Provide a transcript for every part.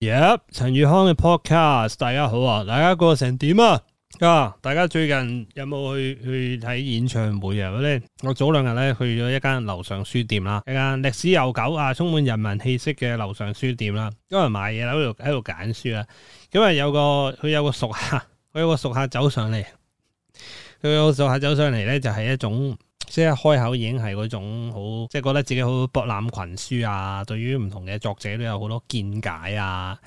耶！陳宇康嘅 podcast，大家好啊！大家過成點啊？啊！大家最近有冇去去睇演唱會啊？我咧，我早兩日咧去咗一間樓上書店啦，一間歷史悠久啊、充滿人文氣息嘅樓上書店啦。咁啊，買嘢喺度喺度揀書啊。咁啊，有個佢有個熟客，佢有個熟客走上嚟，佢有個熟客走上嚟咧，就係一種。即係開口已經係嗰種好，即係覺得自己好博覽群書啊，對於唔同嘅作者都有好多見解啊，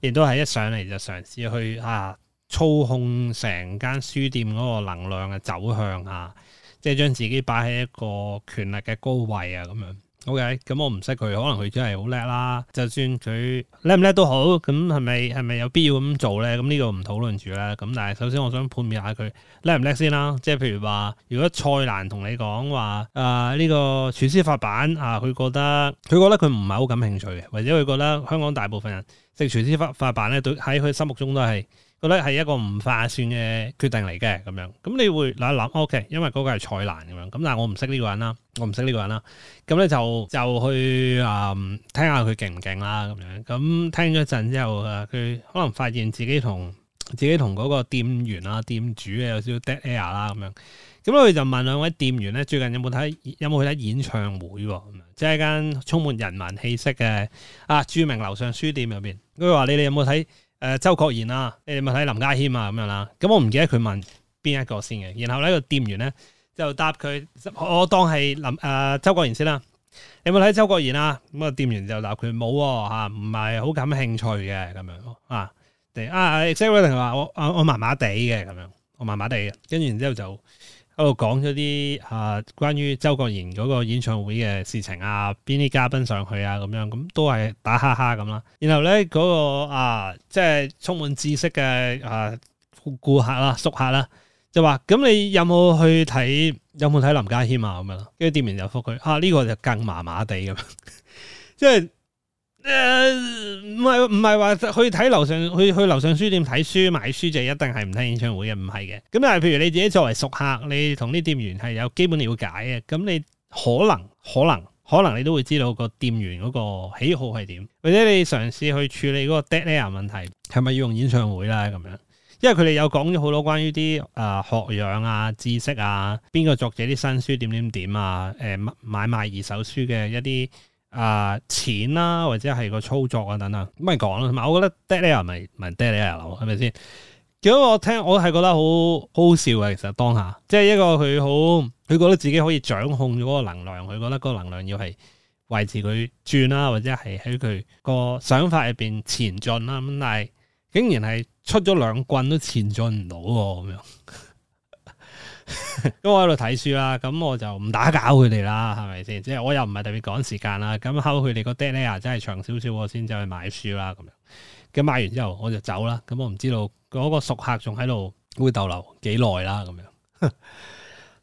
亦都係一上嚟就嘗試去啊操控成間書店嗰個能量嘅走向啊，即係將自己擺喺一個權力嘅高位啊咁樣。OK，咁、嗯、我唔識佢，可能佢真係好叻啦。就算佢叻唔叻都好，咁係咪係咪有必要咁做咧？咁呢個唔討論住啦。咁但係首先我想判斷下佢叻唔叻先啦。即係譬如話，如果蔡瀾同你講話，誒、呃、呢、呢個廚師發辦，啊，佢覺得佢覺得佢唔係好感興趣嘅，或者佢覺得香港大部分人食廚師發發辦咧，對喺佢心目中都係，覺得係一個唔划算嘅決定嚟嘅咁樣，咁你會嗱一諗，OK，因為嗰個係蔡瀾咁樣，咁但係我唔識呢個人啦，我唔識呢個人啦，咁咧就就去啊、嗯、聽下佢勁唔勁啦咁樣，咁聽咗陣之後啊，佢可能發現自己同自己同嗰個店員啊、店主有少少 dead air 啦咁樣，咁佢就問兩位店員咧，最近有冇睇有冇去睇演唱會咁樣，即係間充滿人文氣息嘅啊著名樓上書店入邊，佢話你哋有冇睇？誒周國賢啦，你咪睇林家謙啊咁樣啦，咁我唔記得佢問邊一個先嘅，然後呢個店員咧就答佢，我當係林誒周國賢先啦，你有冇睇周國賢啊？咁啊個店員、呃、啊店員就答佢冇喎，唔係好感興趣嘅咁樣咯啊，啊 exactly 話我啊我麻麻地嘅咁樣，我麻麻地嘅，跟住然之後就。喺度講咗啲啊關於周國賢嗰個演唱會嘅事情啊，邊啲嘉賓上去啊，咁樣咁都係打哈哈咁啦。然後咧嗰、嗰個啊，即係充滿知識嘅啊顧客啦、啊、熟客啦、啊，就話：咁你有冇去睇？有冇睇林家謙啊？咁樣啦，跟住店員就覆佢：啊呢、呢個就更麻麻地咁樣， 即係。誒，唔係唔係話去睇樓上，去去樓上書店睇書買書就一定係唔聽演唱會嘅，唔係嘅。咁但係譬如你自己作為熟客，你同啲店員係有基本了解嘅，咁你可能可能可能你都會知道個店員嗰個喜好係點，或者你嘗試去處理嗰個 dead air 問題係咪要用演唱會啦咁樣，因為佢哋有講咗好多關於啲誒、呃、學養啊、知識啊、邊個作者啲新書點點點啊，誒、呃、買買賣二手書嘅一啲。啊、呃，錢啦、啊，或者係個操作啊，等等，咁咪講咯。同埋，我覺得 Dareya 咪咪 Dareya 咯，係咪先？結果我聽，我係覺得好好笑嘅。其實當下，即係一個佢好，佢覺得自己可以掌控咗嗰個能量，佢覺得嗰個能量要係維持佢轉啦、啊，或者係喺佢個想法入邊前進啦、啊。咁但係竟然係出咗兩棍都前進唔到喎，咁樣。咁 我喺度睇書啦，咁我就唔打攪佢哋啦，係咪先？即係我又唔係特別趕時間啦，咁後佢哋個 deadline 真係長少少，我先走去買書啦，咁樣。咁買完之後我就走啦，咁我唔知道嗰個熟客仲喺度會逗留幾耐啦，咁樣。咁啊、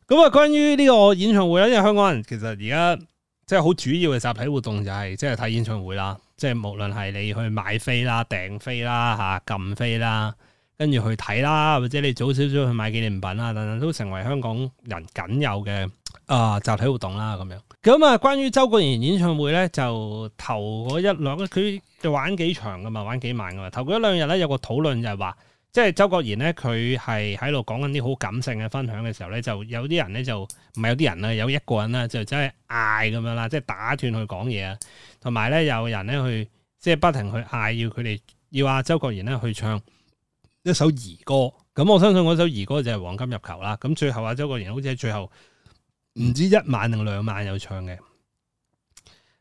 嗯，關於呢個演唱會咧，因為香港人其實而家即係好主要嘅集體活動就係即係睇演唱會啦，即係無論係你去買飛啦、訂飛啦、吓、啊、撳飛啦。跟住去睇啦，或者你早少少去買紀念品啊，等等都成為香港人僅有嘅啊集體活動啦。咁樣咁啊，關於周國賢演唱會咧，就頭嗰一兩佢就玩幾場噶嘛，玩幾晚噶嘛。頭嗰一兩日咧，有個討論就係話，即係周國賢咧，佢係喺度講緊啲好感性嘅分享嘅時候咧，就有啲人咧就唔係有啲人啦，有一個人啦，就真係嗌咁樣啦，即係打斷佢講嘢啊，同埋咧有人咧去即係不停去嗌要佢哋要阿周國賢咧去唱。一首兒歌，咁我相信嗰首兒歌就係黃金入球啦。咁最後啊，周國賢好似係最後唔知一萬定兩萬有唱嘅，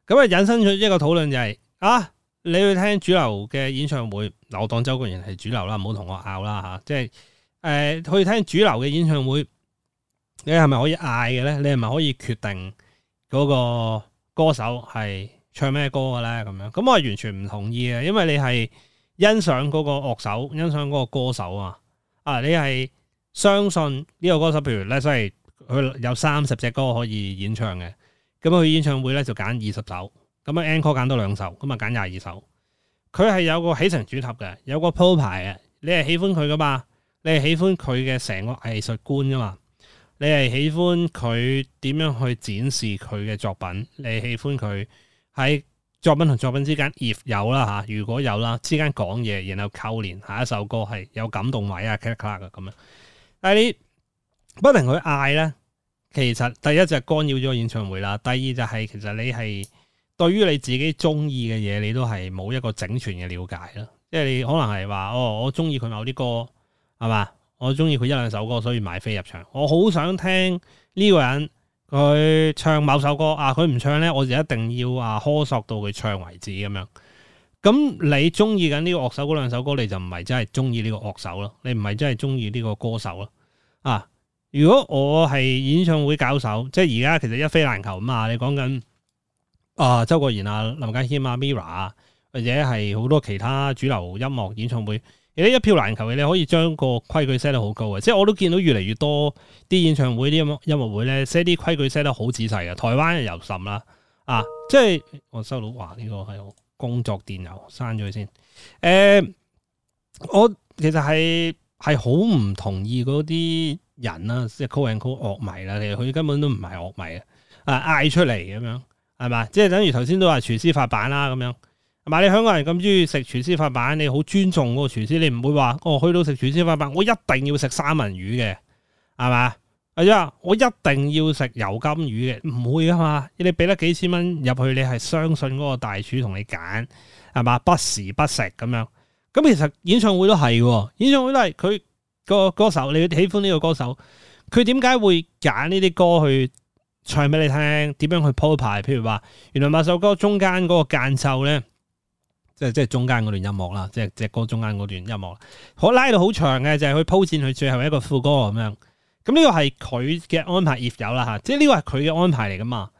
咁啊引申咗一個討論就係啊，你去聽主流嘅演唱會，我當周國賢係主流啦，唔好同我拗啦吓。即係誒，去聽主流嘅演唱會，你係咪可以嗌嘅咧？你係咪可以決定嗰個歌手係唱咩歌嘅咧？咁樣咁我係完全唔同意嘅，因為你係。欣賞嗰個樂手，欣賞嗰個歌手啊！啊，你係相信呢個歌手，譬如咧，即係佢有三十隻歌可以演唱嘅，咁佢演唱會咧就揀二十首，咁啊，encore 揀多兩首，咁啊，揀廿二首。佢係有個起承轉合嘅，有個鋪排嘅。你係喜歡佢噶嘛？你係喜歡佢嘅成個藝術觀噶嘛？你係喜歡佢點樣去展示佢嘅作品？你喜歡佢喺作品同作品之間，if 有啦吓，如果有啦，之間講嘢，然後扣連下一首歌係有感動位啊，click click 啊咁樣。但係你不停去嗌咧，其實第一就係干擾咗個演唱會啦，第二就係其實你係對於你自己中意嘅嘢，你都係冇一個整全嘅了解咯。即係你可能係話哦，我中意佢某啲歌係嘛，我中意佢一兩首歌，所以買飛入場。我好想聽呢個人。佢唱某首歌啊，佢唔唱咧，我就一定要啊，苛索到佢唱為止咁樣。咁你中意緊呢個樂手嗰兩首歌，你就唔係真係中意呢個樂手咯，你唔係真係中意呢個歌手咯。啊，如果我係演唱會搞手，即係而家其實一飛難求啊嘛，你講緊啊周國賢啊林家謙啊 MIRROR，或者係好多其他主流音樂演唱會。一票難求嘅，你可以將個規矩 set 得好高嘅，即係我都見到越嚟越多啲演唱會、啲音樂會咧，set 啲規矩 set 得好仔細嘅。台灣又滲啦啊！即係我收到話呢，這個係工作電郵，刪咗佢先。誒、呃，我其實係係好唔同意嗰啲人啦，即係 call and call 樂迷啦，其實佢根本都唔係樂迷啊！嗌出嚟咁樣係嘛，即係等於頭先都話廚師發版啦咁樣。埋你香港人咁中意食廚師發辦，你好尊重嗰個廚師，你唔會話哦，去到食廚師發辦，我一定要食三文魚嘅，係嘛？或者我一定要食油甘魚嘅，唔會噶嘛？你俾得幾千蚊入去，你係相信嗰個大廚同你揀，係嘛？不時不食咁樣，咁、嗯、其實演唱會都係，演唱會都係，佢個歌手，你喜歡呢個歌手，佢點解會揀呢啲歌去唱俾你聽？點樣去鋪排？譬如話，原來某首歌中間嗰個間奏呢。即係即係中間嗰段音樂啦，即係隻歌中間嗰段音樂，可拉到好長嘅，就係、是，去鋪線佢最後一個副歌咁樣。咁呢個係佢嘅安排亦有啦嚇，即係呢個係佢嘅安排嚟噶嘛，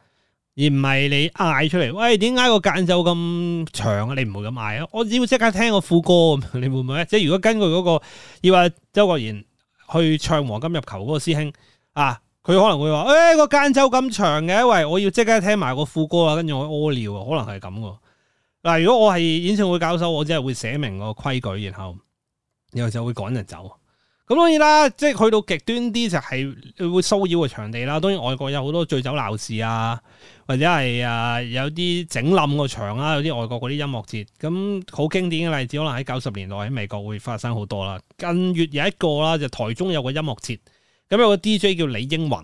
而唔係你嗌出嚟。喂，點解個間奏咁長啊？你唔會咁嗌啊？我要即刻聽個副歌你會唔會咧？即係如果根據嗰、那個要話、啊、周國賢去唱《黃金入球》嗰個師兄啊，佢可能會話，誒、欸、個間奏咁長嘅，喂我要即刻聽埋個副歌啊，跟住我屙尿啊，可能係咁喎。嗱，如果我係演唱會搞手，我只係會寫明個規矩，然後然後就會趕人走。咁當然啦，即係去到極端啲就係會騷擾個場地啦。當然外國有好多醉酒鬧事啊，或者係啊有啲整冧個場啊。有啲外國嗰啲音樂節，咁好經典嘅例子，可能喺九十年代喺美國會發生好多啦。近月有一個啦，就台中有個音樂節，咁有個 DJ 叫李英宏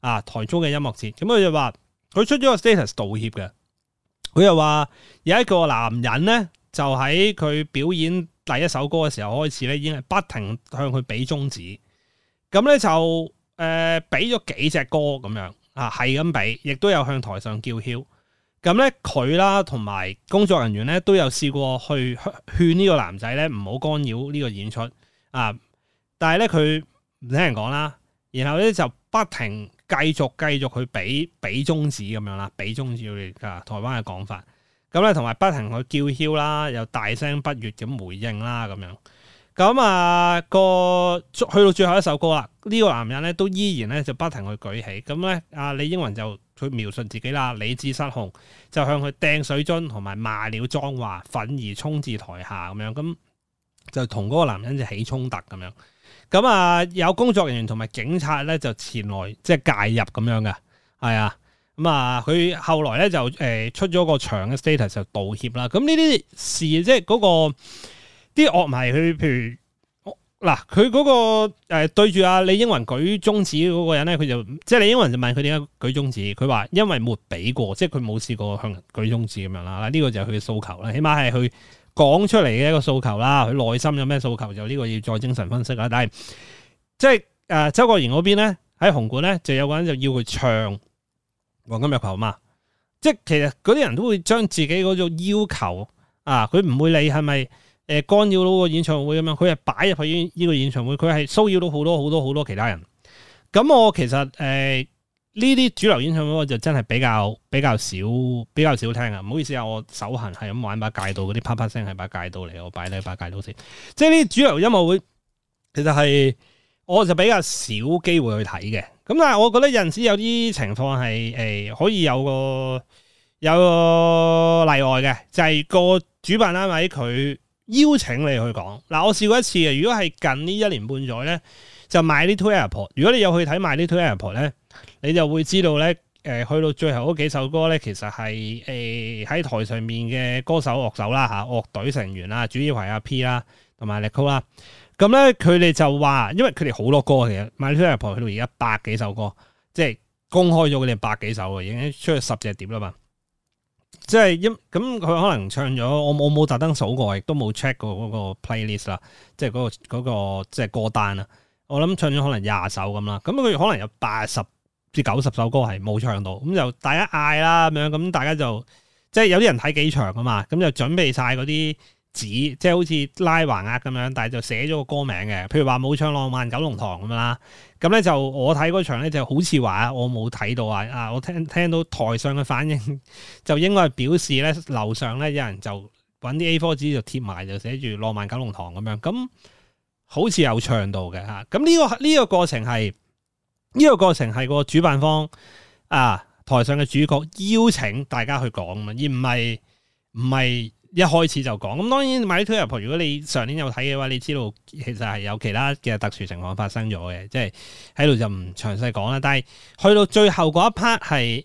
啊，台中嘅音樂節，咁佢就話佢出咗個 status 道歉嘅。佢又話有一個男人咧，就喺佢表演第一首歌嘅時候開始咧，已經係不停向佢俾中指，咁咧就誒俾咗幾隻歌咁樣啊，係咁俾，亦都有向台上叫囂。咁咧佢啦，同埋工作人員咧都有試過去勸呢個男仔咧唔好干擾呢個演出啊，但係咧，佢唔聽人講啦，然後咧就不停。繼續繼續去畀畀中指咁樣啦，畀中指嘅台灣嘅講法，咁咧同埋不停去叫囂啦，又大聲不悅咁回應啦，咁樣咁啊個去到最後一首歌啦，呢、這個男人咧都依然咧就不停去舉起，咁咧啊李英雲就去描述自己啦，理智失控就向佢掟水樽，同埋罵了髒話，憤而衝至台下咁樣，咁就同嗰個男人就起衝突咁樣。咁啊、嗯，有工作人員同埋警察咧就前來即係、就是、介入咁樣嘅，係啊，咁、嗯嗯、啊，佢後來咧就誒出咗個長嘅 status，就道歉啦。咁呢啲事即係、那、嗰個啲惡迷，去，譬如嗱，佢、啊、嗰、那個誒、嗯、對住啊李英雲舉中指嗰個人咧，佢就即係、就是、李英雲就問佢點解舉中指，佢話因為沒俾過，即係佢冇試過向人舉中指咁樣啦。呢、那個就係佢嘅訴求啦，起碼係去，講出嚟嘅一個訴求啦，佢內心有咩訴求就呢、呢個要再精神分析啦。但係即係誒、呃，周國賢嗰邊咧喺紅館咧，就有個人就要佢唱《黃金日頭》嘛。即係其實嗰啲人都會將自己嗰種要求啊，佢唔會理係咪誒干擾到個演唱會咁樣，佢係擺入去呢個演唱會，佢係騷擾到好多好多好多好多其他人。咁我其實誒。呃呢啲主流演唱會我就真係比較比較少比較少聽啊。唔好意思啊，我手痕係咁玩把戒到嗰啲啪啪聲係把戒到嚟，我擺喺把戒度先。即係呢啲主流音樂會，其實係我就比較少機會去睇嘅。咁但係我覺得有陣時有啲情況係誒可以有個有個例外嘅，就係、是、個主辦單位佢邀請你去講。嗱，我試過一次啊，如果係近呢一年半載咧。就 My Little Airport。如果你有去睇 My Little Airport 咧，你就會知道咧，誒、呃、去到最後嗰幾首歌咧，其實係誒喺台上面嘅歌手樂手啦嚇，樂隊成員啦，主要係阿 P 啦同埋 Nicole 啦、啊。咁咧佢哋就話，因為佢哋好多歌其實 My Little Airport 去到而家百幾首歌，即係公開咗佢哋百幾首嘅，已經出去十隻碟啦嘛。即係因咁佢可能唱咗，我我冇特登數過，亦都冇 check 過嗰個 playlist 啦，即係嗰、嗰個、嗰個嗰個、即係歌單啊。我諗唱咗可能廿首咁啦，咁佢可能有八十至九十首歌係冇唱到，咁就大家嗌啦咁樣，咁大家就即係有啲人睇幾場吖嘛，咁就準備晒嗰啲紙，即係好似拉橫額咁樣，但係就寫咗個歌名嘅，譬如話冇唱《浪漫九龍塘》咁啦，咁咧就我睇嗰場咧就好似話我冇睇到啊，啊我聽聽到台上嘅反應，就應該係表示咧樓上咧有人就揾啲 A4 紙就貼埋就寫住《浪漫九龍塘》咁樣，咁。好似有唱到嘅嚇，咁、啊、呢、這個呢、這個過程係呢、這個過程係個主辦方啊，台上嘅主角邀請大家去講啊，而唔係唔係一開始就講。咁、啊、當然，My Little Airport，如果你上年有睇嘅話，你知道其實係有其他嘅特殊情況發生咗嘅，即係喺度就唔詳細講啦。但係去到最後嗰一 part 係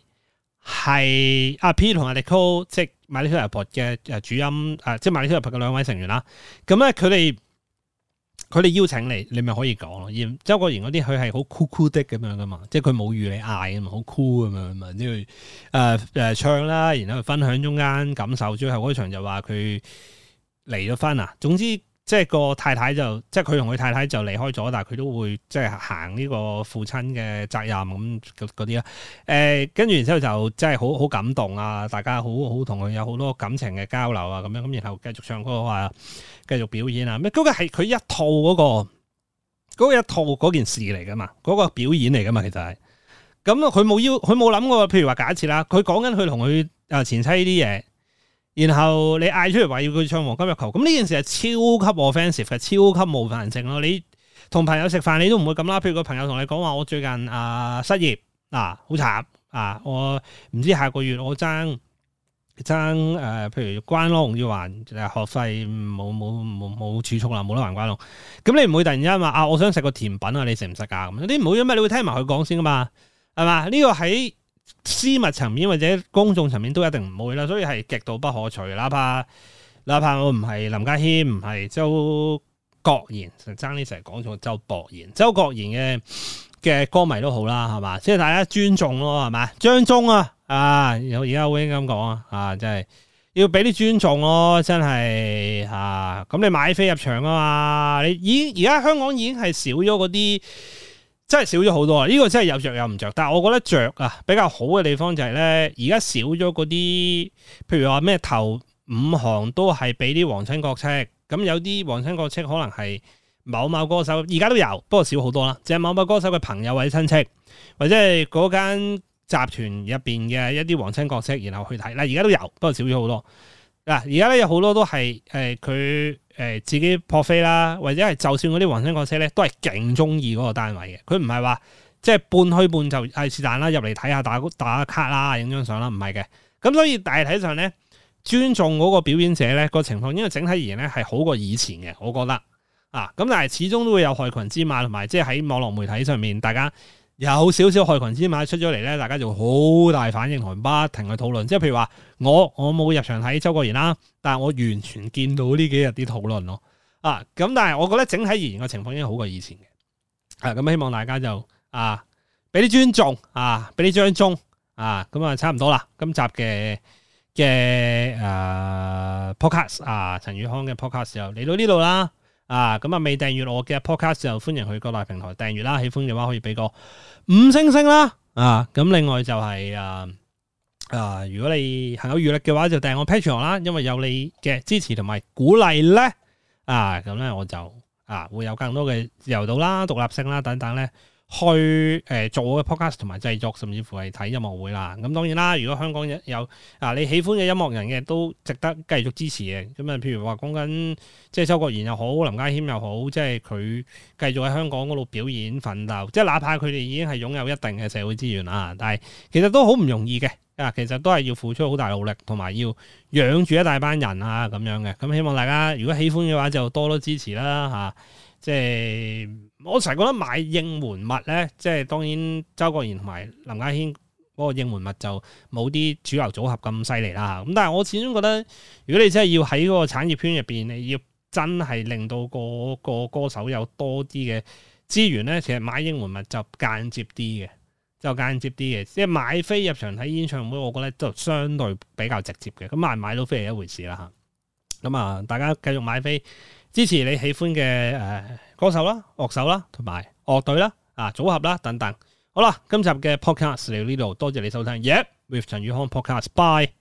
係阿 P 同阿 Nico 即係 My Little Airport 嘅誒主音啊，即係 My Little Airport 嘅兩位成員啦。咁咧佢哋。佢哋邀請你，你咪可以講咯。而周國賢嗰啲，佢係好酷酷的咁樣噶嘛，即係佢冇預你嗌啊嘛，好酷咁樣嘛。因為誒誒唱啦，然後分享中間感受，最後嗰場就話佢離咗婚啊。總之。即係個太太就，即係佢同佢太太就離開咗，但係佢都會即係行呢個父親嘅責任咁嗰啲啦。誒，跟住然之後就即係好好感動啊！大家好好同佢有好多感情嘅交流啊，咁樣咁然後繼續唱歌啊，繼續表演啊！咩？嗰個係佢一套嗰個嗰個一套嗰件事嚟噶嘛？嗰個表演嚟噶嘛？其實係咁，佢冇要佢冇諗過。譬如話假設啦，佢講緊佢同佢啊前妻啲嘢。然後你嗌出嚟話要佢唱黃金日球，咁呢件事係超級 offensive 嘅，超級冇彈性咯。你同朋友食飯，你都唔會咁啦。譬如個朋友同你講話，我最近啊、呃、失業啊好慘啊，我唔知下個月我爭爭誒，譬如關咯，要還學費，冇冇冇冇儲蓄啦，冇得還關咯。咁你唔會突然間話啊，我想食個甜品啊，你食唔食啊？」有你唔會因嘛，你會聽埋佢講先㗎嘛，係嘛？呢、呢個喺。私密層面或者公眾層面都一定唔會啦，所以係極度不可取。哪怕哪怕我唔係林家謙，唔係周國賢，爭啲成日講咗周博賢，周國賢嘅嘅歌迷都好啦，係嘛，即係大家尊重咯，係嘛。張宗啊，啊而而家會應該咁講啊，啊真係要俾啲尊重咯，真係啊，咁你買飛入場啊嘛，你已經而家香港已經係少咗嗰啲。真係少咗好多啊！呢、這個真係有着有唔着，但係我覺得着啊比較好嘅地方就係、是、呢。而家少咗嗰啲，譬如話咩頭五行都係俾啲皇親國戚，咁有啲皇親國戚可能係某某歌手，而家都有，不過少好多啦，就係某某歌手嘅朋友或者親戚，或者係嗰間集團入邊嘅一啲皇親國戚，然後去睇，嗱，而家都有，不過少咗好多。嗱，而家咧有好多都係，誒佢誒自己撲飛啦，或者係就算嗰啲黃星角車咧，都係勁中意嗰個單位嘅。佢唔係話即係半虛半就，係是但啦，入嚟睇下打打卡啦，影張相啦，唔係嘅。咁所以大體上咧，尊重嗰個表演者咧個情況，因為整體而言咧係好過以前嘅，我覺得啊。咁但係始終都會有害群之馬，同埋即係喺網絡媒體上面，大家。有少少害群之馬出咗嚟咧，大家就好大反應，同不停去討論。即係譬如話，我我冇入場睇周國賢啦，但係我完全見到呢幾日啲討論咯。啊，咁但係我覺得整體而言嘅情況已經好過以前嘅。啊，咁希望大家就啊，俾啲尊重啊，俾啲尊重啊，咁啊，差唔多啦。今集嘅嘅誒 podcast 啊，陳宇康嘅 podcast 就嚟到呢度啦。啊，咁啊未訂閱我嘅 podcast 就歡迎去各大平台訂閱啦，喜歡嘅話可以俾個五星星啦，啊，咁另外就係誒誒，如果你係有餘力嘅話就訂我 Patreon 啦，因為有你嘅支持同埋鼓勵咧，啊，咁咧我就啊會有更多嘅自由度啦，獨立性啦等等咧。去誒做嘅 podcast 同埋製作，甚至乎係睇音樂會啦。咁當然啦，如果香港有啊，你喜歡嘅音樂人嘅都值得繼續支持嘅。咁啊，譬如話講緊，即係周國賢又好，林家謙又好，即係佢繼續喺香港嗰度表演奮鬥。即係哪怕佢哋已經係擁有一定嘅社會資源啊，但係其實都好唔容易嘅。啊，其實都係要付出好大努力，同埋要養住一大班人啊咁樣嘅。咁希望大家如果喜歡嘅話，就多多支持啦嚇、啊。即係。我成日覺得買應援物咧，即係當然周國賢同埋林家軒嗰個應援物就冇啲主流組合咁犀利啦。咁但係我始終覺得，如果你真係要喺嗰個產業圈入邊，你要真係令到個歌手有多啲嘅資源咧，其實買應援物就間接啲嘅，就間接啲嘅。即係買飛入場睇演唱會，我覺得就相對比較直接嘅。咁買唔買到飛係一回事啦。嚇，咁啊，大家繼續買飛。支持你喜歡嘅誒、呃、歌手啦、樂手啦、同埋樂隊啦、啊組合啦等等。好啦，今集嘅 podcast 嚟到呢度，多謝你收聽。Yep, with 陳宇康、uh、podcast，bye。